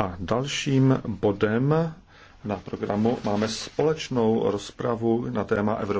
A dalším bodem na programu máme společnou rozpravu na téma Evropa.